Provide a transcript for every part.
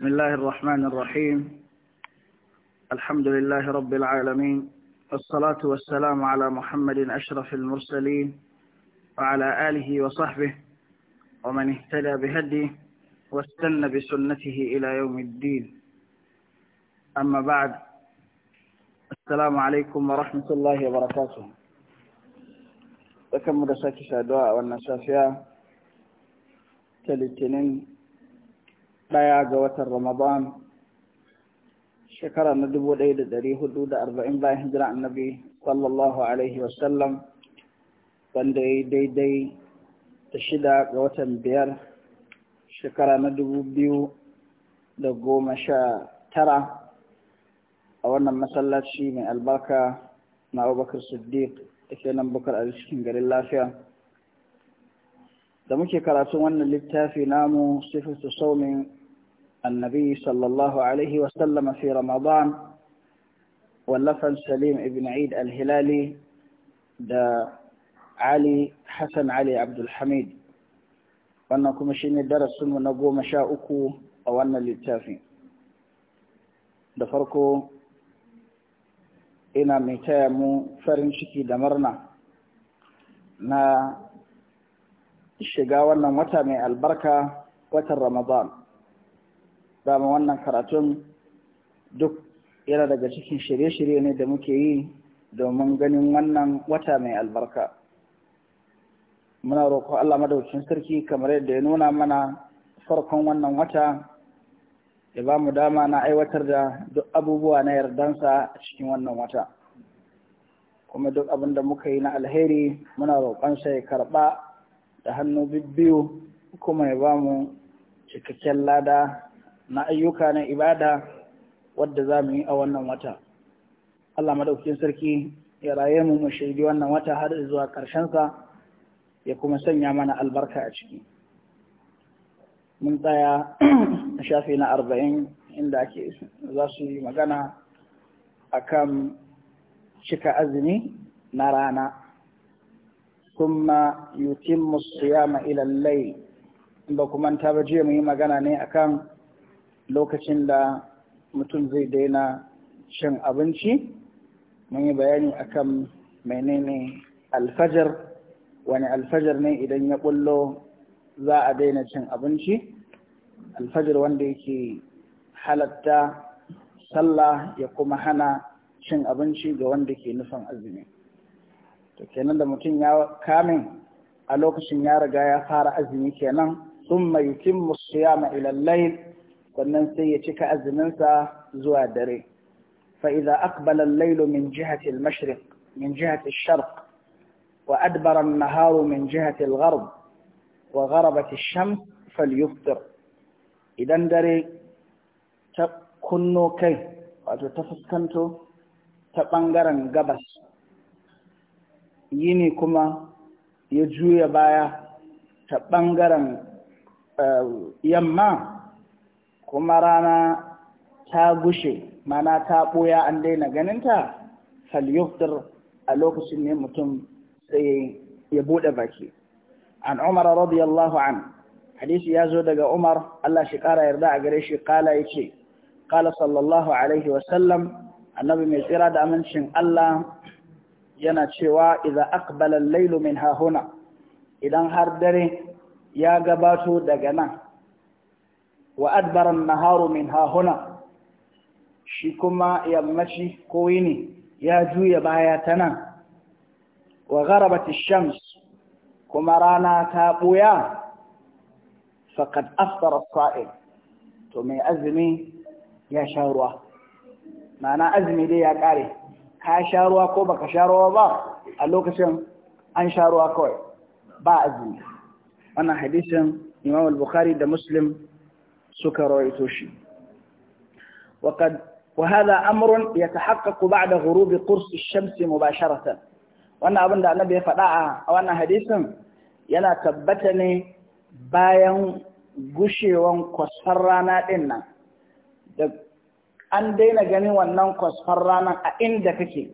بسم الله الرحمن الرحيم الحمد لله رب العالمين والصلاة والسلام على محمد أشرف المرسلين وعلى آله وصحبه ومن اهتدى بهديه واستنى بسنته إلى يوم الدين أما بعد السلام عليكم ورحمة الله وبركاته تكمل ساكي سادواء والنسافية تلتنين ɗaya ga watan Ramadan shekara na dubu ɗaya da ɗari hudu da arba'in bayan hijira annabi sallallahu alaihi wasallam wanda ya yi daidai da shida ga watan biyar shekara na dubu biyu da goma sha tara a wannan masallaci mai albarka na abubakar siddiq da ke nan bukar a cikin garin lafiya da muke karatun wannan littafi namu sifatu saumin النبي صلى الله عليه وسلم في رمضان واللفن سليم ابن عيد الهلالي دا علي حسن علي عبد الحميد وانكم شين الدرس ونقوم شاؤكو او ان للتافي دفركو إنا mai taya mu farin ciki da murna na shiga wannan wata dama wannan karatun duk yana daga cikin shirye-shirye ne da muke yi domin ganin wannan wata mai albarka muna roƙo Allah madaukakin sarki kamar yadda ya nuna mana farkon wannan wata ya ba mu dama na aiwatar da duk abubuwa na yardansa a cikin wannan wata kuma duk abin da muka yi na alheri muna roƙonsa ya karɓa da hannu bibbiyu kuma ya ba mu cikakken lada na ayyuka na ibada wadda za mu yi a wannan wata Allah madaukakin sarki ya raye mu mu shaidi wannan wata har zuwa sa, ya kuma sanya mana albarka a ciki mun tsaya a shafi na arba'in inda ake za su yi magana a kan cika azumi na rana kuma yutimmu siyama ila layl ba kuma ta ba jiya mu yi magana ne akan lokacin da mutum zai daina shan abinci mun yi bayani akan menene alfajar wani alfajar ne idan ya bullo za a daina cin abinci alfajar wanda yake halatta sallah ya kuma hana cin abinci ga wanda ke nufin azumi to kenan da mutum ya kame a lokacin ya riga ya fara azumi kenan sun mai yutimmu siyama ila sannan sai ya cika azuminsa zuwa dare fa'iza akbalan lailu min jihati al mashriq min jihati al sharq wa adbaran naharu min jihati al gharb wa gharabati shams falyuftir idan dare ta kunno kai wato ta fuskanto ta ɓangaren gabas yini kuma ya juya baya ta ɓangaren yamma kuma rana ta gushe mana ta ɓoya an daina ganinta falyuftir a lokacin ne mutum sai ya buɗe baki an umar radiyallahu an hadisi ya zo daga umar Allah shi ƙara yarda a gare shi ƙala ya ce ƙala sallallahu alaihi wasallam annabi mai tsira da amincin Allah yana cewa idan aqbala lailu min hahuna idan har dare ya gabato daga nan وأدبر النهار من ها هنا شكما يمشي كويني يا جوي باياتنا وغربت الشمس كما رانا تابويا فقد أفطر الصائم تومي أزمي يا شاروة انا أزمي لي يا كاري ها شاروة ruwa ko baka sha ruwa ان شاروة كوي با ازمي انا kawai امام البخاري ده مسلم suka rawaito shi وقد وهذا أمر يتحقق بعد غروب قرص الشمس مباشرة وانا أبن النبي wannan وانا yana tabbata ne bayan gushewan kwasfar rana din nan da an daina ganin wannan kwasfar ranar a inda kake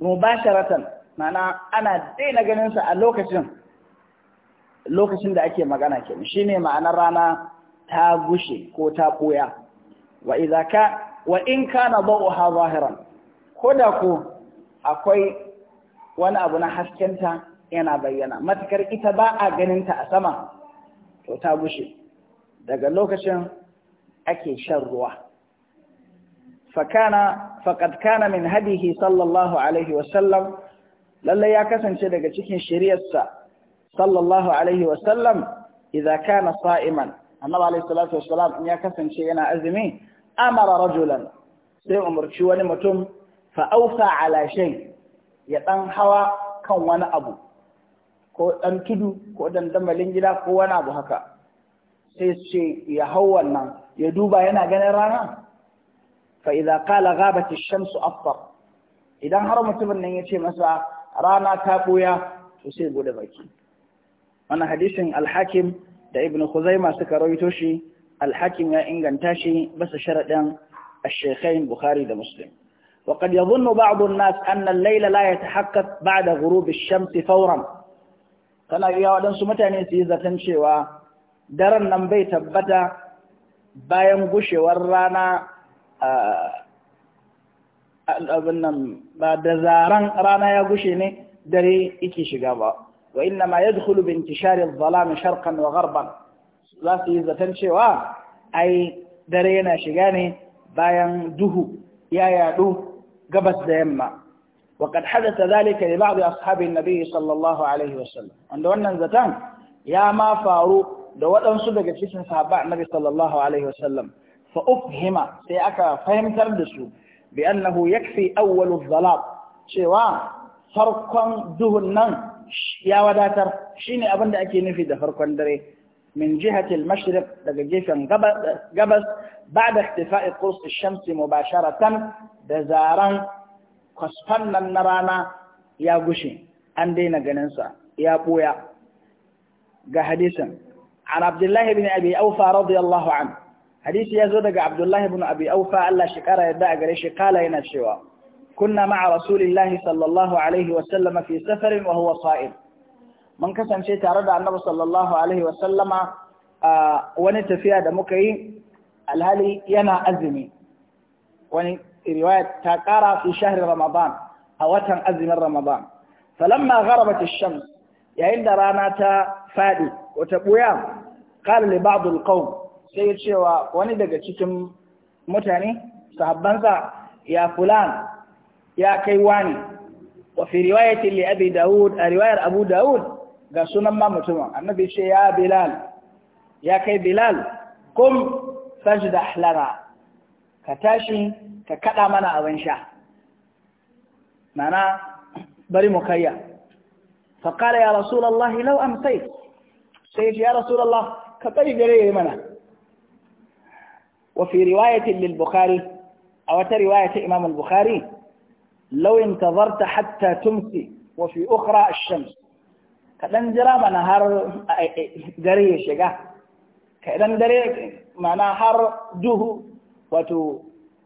mubasharatan mana ana daina ganin sa a lokacin lokacin da ake magana kenan shine ma'anar rana ta gushe ko ta ɓoya wa idza ka wa in kana dawha zahiran koda ko akwai wani abu na haskenta yana bayyana matakar ita ba a ta a sama to ta gushe daga lokacin ake shan ruwa fakana faqad kana min hadihi sallallahu alaihi sallam. lalle ya kasance daga cikin shari'arsa sallallahu alaihi sallam. idza kana sa'iman annabi alayhi salatu wassalam in ya kasance yana azumi amara rajulan sai umarci wani mutum fa awfa ala shay ya dan hawa kan wani abu ko dan tudu ko dan damalin gida ko wani abu haka sai ce ya hau wannan ya duba yana ganin rana fa idza qala ghabat ash shams afar. idan har mutumin nan ya ce masa rana ta boya to sai gode baki wannan hadisin alhakim da ibn Khuzaima suka rawaito shi al-Hakim ya inganta shi bisa sharadan al-Shaykhain Bukhari da Muslim wa qad yadhunnu ba'd an-nas anna al-layla la yatahaqqaq ba'da ghurub ash-shams fawran kana iya wadansu mutane su yi zaton cewa daren nan bai tabbata bayan gushewar rana abin nan ba da zaran rana ya gushe ne dare yake shiga ba وإنما يدخل بانتشار الظلام شرقا وغربا لا سيزة تنشي وا أي درينا شغاني باين دوه يا يا دوه قبس ديما وقد حدث ذلك لبعض أصحاب النبي صلى الله عليه وسلم عند وانا زتان يا ما فاروق دو وطن صدق جسم صحابة النبي صلى الله عليه وسلم فأفهم سيأكا فهم تردسو بأنه يكفي أول الظلام شوا فرقا دوه ya wadatar shine abin da ake nufi da farkon dare min jihatil al-mashriq daga gefen gabas ba'da ihtifa'i qurs ash-shams mubasharatan da zaran kwasfan nan na rana ya gushe an daina ganin sa ya boya ga hadisin an abdullahi ibn abi aufa radiyallahu anhu hadisi yazo daga abdullahi ibn abi aufa Allah shi kara yadda a gare shi kala yana cewa كنا مع رسول الله صلى الله عليه وسلم في سفر وهو صائم من كسن شيء تعرض عن النبي صلى الله عليه وسلم ونتفيا دمكي الهالي ينا أزمي ورواية تقارى في شهر رمضان أو أزمي رمضان فلما غربت الشمس يعند راناتا فادي وتبويا قال لبعض القوم سيد شيء وني دقا تكم متاني صحبانسا يا فلان ya kai wani wa fi riwayatin li abi daud a riwayar abu daud ga sunan ma mutumin annabi ce ya bilal ya kai bilal kum sajdah lana ka tashi ka kada mana abin sha mana bari mu kayya fa qala ya rasulullah law amsayt sai ya rasulullah ka tsari gare mana wa fi riwayatin lil bukhari a wata riwaya ta imam al-bukhari لو انتظرت حتى تمسي وفي أخرى الشمس كدن جرى ما نهار دري شجع كدن دري ما نهار جوه وتو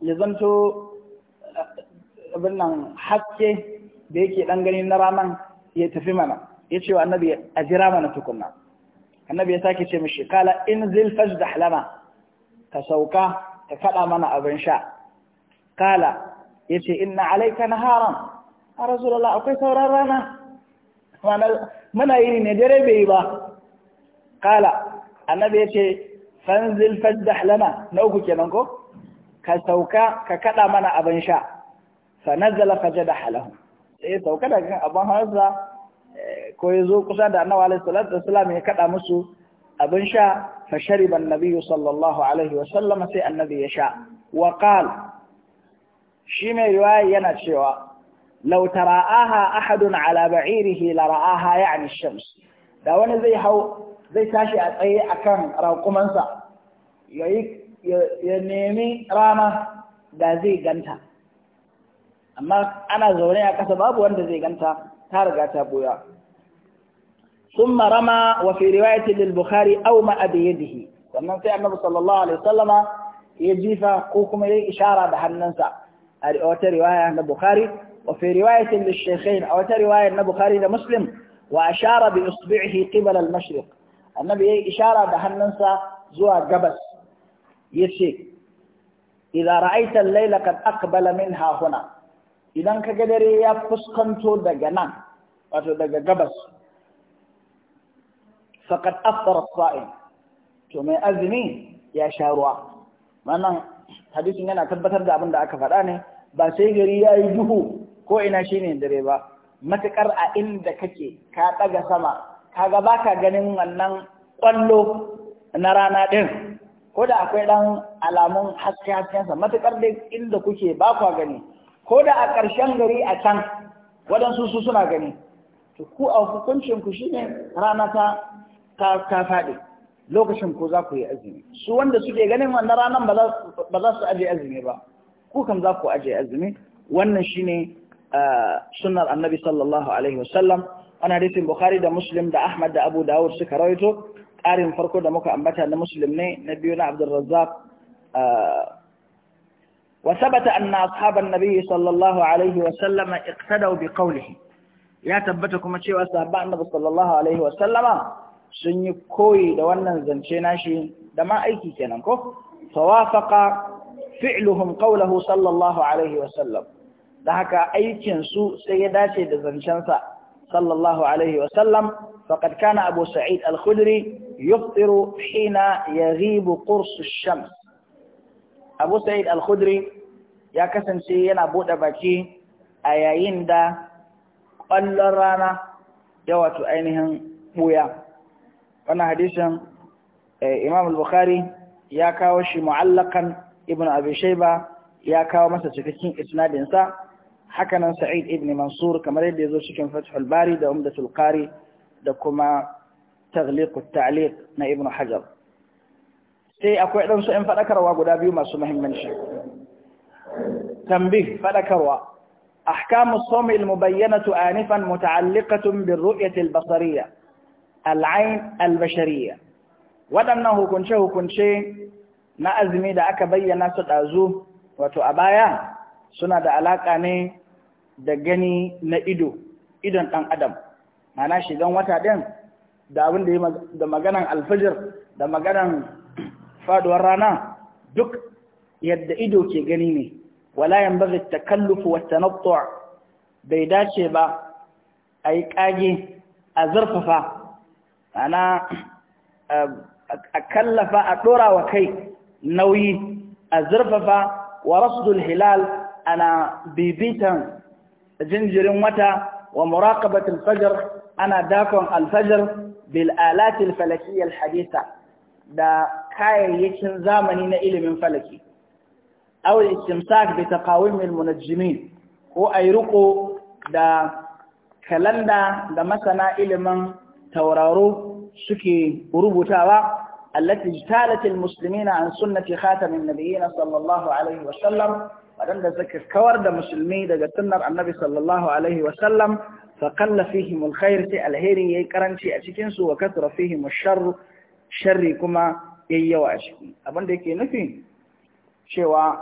لزمتو abinnan haske da yake dan gani na ranan ya tafi mana ya wa annabi a jira mana tukunna annabi ya sake ce mashi kala in zil fajdah ka sauka ka kada mana abin sha kala ya ce inna alaika na haram a rasulallah akwai sauran rana mana yi ne dare bai ba kala annabi ya ce fanzil fajdah lana na uku kenan ko ka sauka ka kada mana abin sha fa nazala fajdah lahu sai sauka daga kan abin hawa eh, ko ya zo kusa da annabi alaihi salatu wasallam ya kada musu abin sha fa shariba annabi sallallahu alaihi wasallam sai annabi ya sha wa qala shi mai riwaya yana cewa law tara'aha ahadun ala ba'irihi la ra'aha ya'ni shams da wani zai hau zai tashi a tsaye akan raƙumansa ya nemi rana da zai ganta amma ana zaune a ƙasa babu wanda zai ganta ta riga ta boya riwayati رمى bukhari رواية للبخاري أومأ بيده sannan sai annabi sallallahu alaihi wasallama ya jifa ko kuma ya ishara da hannunsa أو رواية البخاري وفي رواية للشيخين أو رواية البخاري لمسلم وأشار بإصبعه قبل المشرق النبي إشارة بهننسى زوى قبس يسي إذا رأيت الليل قد أقبل منها هنا إذا كقدري يفسقنتو دقنان نعم. واتو دق قبس فقد أفطر الصائم تومي أذني يا شاروا ما نعم. حديث إننا تبتر دا أبن دا ba sai gari ya yi duhu ko ina shi ne dare ba matuƙar a inda kake ka ɗaga sama ka gaba ka ganin wannan ƙwallo na rana ɗin ko da akwai ɗan alamun haske haskensa matuƙar dai inda kuke ba kwa gani ko da a ƙarshen gari a can waɗansu su suna gani to ku a hukuncinku ku shine rana ta ta faɗi lokacin ku za ku yi azumi su wanda suke ganin wannan ranar ba za su aje azumi ba kukan za ku ajiye azumi wannan shine sunar annabi sallallahu alaihi wasallam ana hadisin bukhari da muslim da ahmad da abu dawud suka rawaito ƙarin farko da muka ambata na muslim ne na biyu na abdurrazzaq وثبت أن أصحاب النبي صلى الله عليه وسلم اقتدوا بقوله يا تبتكم شيء وأصحاب النبي صلى الله عليه وسلم sun yi koyi da wannan zance nashi da ma aiki kenan ko tawafaqa. fi'luhum qawluhu sallallahu alaihi wasallam da haka aikin su sai ya dace da zancensa sallallahu alaihi wasallam faqad kana abu sa'id al-khudri yufṭiru hina yaghibu qursu ash-shams abu sa'id al-khudri ya kasance yana bude baki a yayin da ƙwallon rana ya wato ainihin buya wannan hadisin eh, imam al-bukhari ya kawo shi mu'allakan ibn abi shayba ya kawo masa cikakken isnadin sa haka nan sa'id ibn mansur kamar yadda yazo cikin fathul bari da umdatul qari da kuma taghliq at-ta'liq na ibn hajar sai akwai dan su ɗan fadakarwa guda biyu masu muhimmanci tambih fadakarwa أحكام الصوم المبينة آنفا متعلقة بالرؤية البصرية العين البشرية waɗannan hukunce-hukunce na azumi da aka bayyana su ɗazu wato a baya suna da alaƙa ne da gani na ido idon ɗan adam mana shigan wata ɗin da abin da maganan alfajir da maganan faduwar rana duk yadda ido ke gani ne wala yanbaghi takallufu wa tanattu' bai dace ba ayi ƙage, a zurfafa ana a kallafa a dora wa kai nauyi a zurfafa wa rasdul hilal ana bibitan jinjirin wata wa muraqabatul fajr ana dakon alfajr bil alatil falakiyya alhadisa da kayayyakin zamani na ilimin falaki aw istimsak bi taqawim munajjimin ko ay ruko da kalanda da masana ilimin tauraro suke rubutawa التي تالت na عن سنة خاتم النبيين صلى الله عليه وسلم waɗanda suka kawar da musulmi daga sunnar annabi sallallahu alaihi wasallam faƙalla fihim alkhair sai alheri ya yi karanci a cikin su wa kasra fihim sharru sharri kuma yayi yawa a ciki abin da yake nufi cewa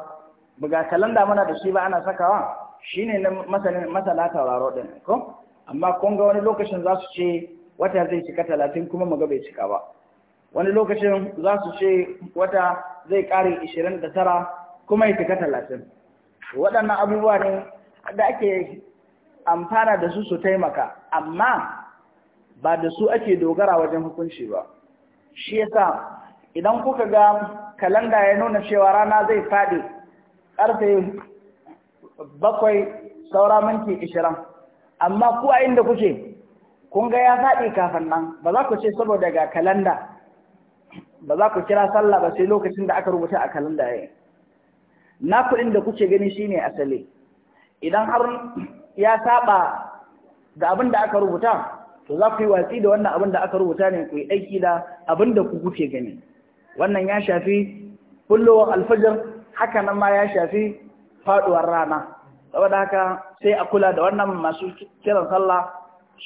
buga kalanda muna da shi ba ana sakawa shine na masanin masala tauraro din ko amma kun ga wani lokacin za su ce wata zai cika talatin kuma mu ga bai cika ba wani lokacin za su ce wata zai ƙare 29 kuma ya fika 30 waɗannan abubuwa ne da ake amfana da su su taimaka amma ba da su ake dogara wajen hukunci ba shi yasa idan kuka ga kalanda ya nuna cewa rana zai faɗi ƙarfe bakwai saura minti ishirin amma ku a inda kuke kun ga ya faɗi kafin nan ba za ku ce saboda ga kalanda ba za ku kira sallah ba sai lokacin da aka rubuta a kalanda yi. na kuɗin da kuke gani shine asali idan har ya saba da abin da aka rubuta to za ku yi watsi da wannan abin da aka rubuta ne ku yi aiki da abin da ku kuke gani wannan ya shafi kullowar alfajar haka nan ma ya shafi faɗuwar rana saboda haka sai a kula da wannan masu kiran sallah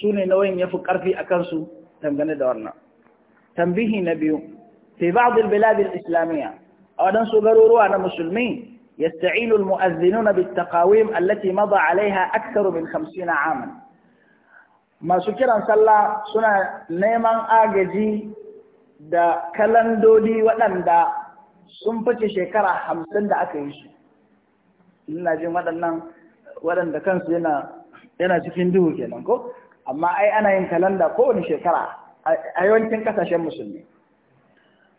su ne nauyin ya fi ƙarfi a kansu dangane da wannan tambihi na biyu في بعض البلاد الإسلامية أولا سبروروا أنا مسلمين يستعين المؤذنون بالتقاويم التي مضى عليها أكثر من خمسين عاما ما شكرا صلى سنة نيما آجي دا كلام دولي ولم دا سنبت شكرا حمسن دا أكيش لنا جي مدنا ولن دا كان سينا ينا سكين دوه كنانكو أما أي أنا ينكلم دا قوني شكرا أيوان تنكتا شم مسلمين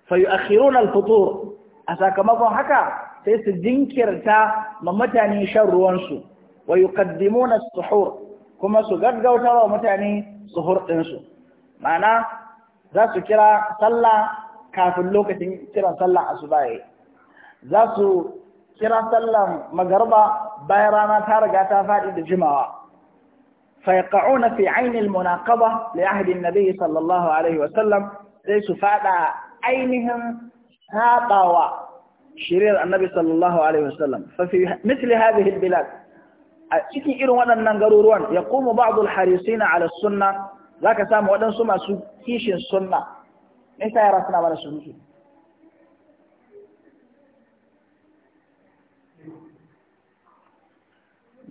fayu'akhiruna al-futur a sakamakon haka sai su jinkirta ma mutane shan ruwansu wa yuqaddimuna as-suhur kuma su gaggauta wa mutane suhur su ma'ana za su kira sallah kafin lokacin kiran sallah asuba yayi za su kira sallan magarba bayan rana ta riga ta faɗi da jimawa فيقعون في عين المناقضة nabi النبي صلى الله عليه وسلم ليس ainihin haɗawa shiriyar annabi sallallahu alaihi wasallam fa fi misli hadhihi albilad a cikin irin waɗannan garuruwan ya kuma ba'dul na ala sunna zaka samu waɗansu masu kishin sunna me yasa yara suna mana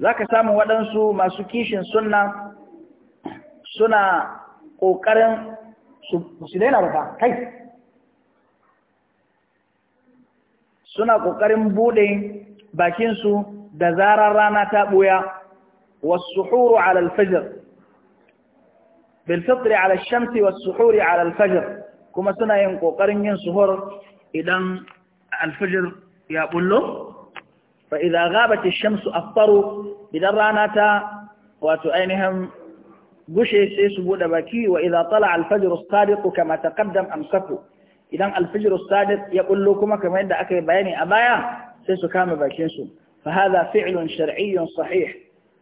Za zaka samu waɗansu masu kishin sunna suna ƙoƙarin su daina ba kai suna ƙoƙarin buɗe bakinsu da zarar rana ta ɓuya والسحور على الفجر بالفطر على الشمس والسحور على الفجر كما سنة ينقوقرن ينسهر إذن الفجر يقول له فإذا غابت الشمس أفطروا إذا رانتا وتؤينهم قشي سيسبو دبكي وإذا طلع الفجر الصادق كما تقدم أمسكوا idan alfijir sadiq ya bullo kuma kamar yadda aka yi bayani a baya sai su kama bakin su fa hadha fi'lun shar'iyyun sahih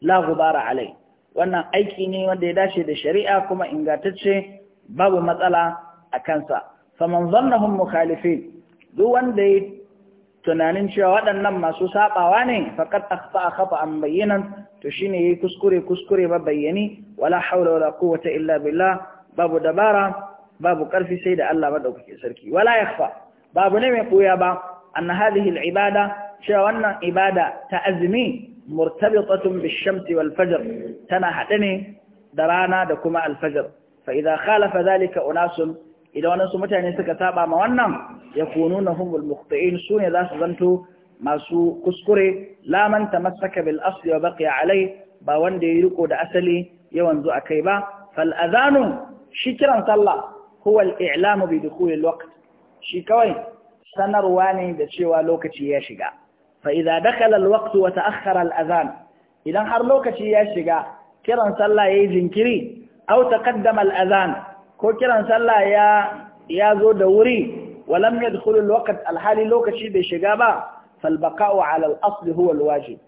la ghubara alai wannan aiki ne wanda ya dace da shari'a kuma ingantacce babu matsala a kansa faman zannahum mukhalifin duk wanda ya tunanin cewa waɗannan masu saɓawa ne faƙar a kafa an bayyanan to shine yayi ya kuskure kuskure ba bayyani wala haula wala kowata illa billah babu dabara babu ƙarfi sai da Allah maɗaukake sarki wala yakhfa babu ne mai koya ba anna hadhihi al-ibada cewa wannan ibada ta azumi murtabitatun bishamti wal fajar tana haɗe ne da rana da kuma alfajar. fa idza khalafa zalika unasun idan wannan su mutane suka saba ma wannan yakununa humul su ne za su zanto masu kuskure la man tamassaka bil asli wa baqiya alai ba wanda ya riko da asali yawan a kai ba fal adhanu shi kiran sallah هو الإعلام بدخول الوقت شيكوي سنرواني دا شوى لوكتي ياشيقا فإذا دخل الوقت وتأخر الأذان إذا نحر لوكتي ياشيقا كيرا صلى يزن كري أو تقدم الأذان كو كيرا صلى يا يا ذو دوري ولم يدخل الوقت الحالي لوكتي بشيقابا فالبقاء على الأصل هو الواجب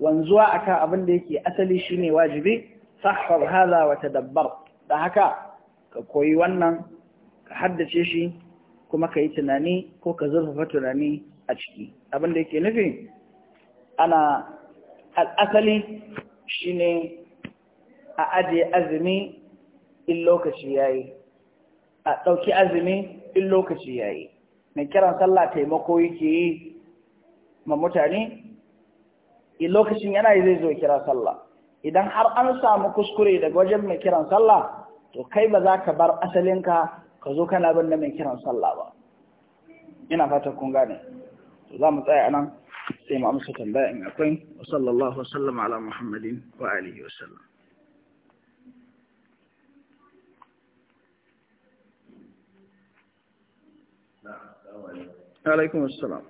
وانزوا أكا أبنديكي أسلي شيني واجبي فحر هذا وتدبر دا هكا ka koyi wannan ka haddace shi kuma ka yi tunani ko ka zurfafa tunani a ciki abin da yake nufi ana al'asali shine a ajiye azumi in lokaci ya yi. a ɗauki azumi in lokaci ya yi. mai kiran sallah taimako yake yi ma mutane in lokacin yana yi zai zo kira sallah idan har an samu kuskure daga wajen mai kiran sallah to kai ba za ka bar asalinka ka zo kana bin da mai kiran sallah ba ina fatan kun gane to za mu tsaya anan sai mu amsa tambaya in akwai sallallahu wasallam ala muhammadin wa alihi wasallam عليكم السلام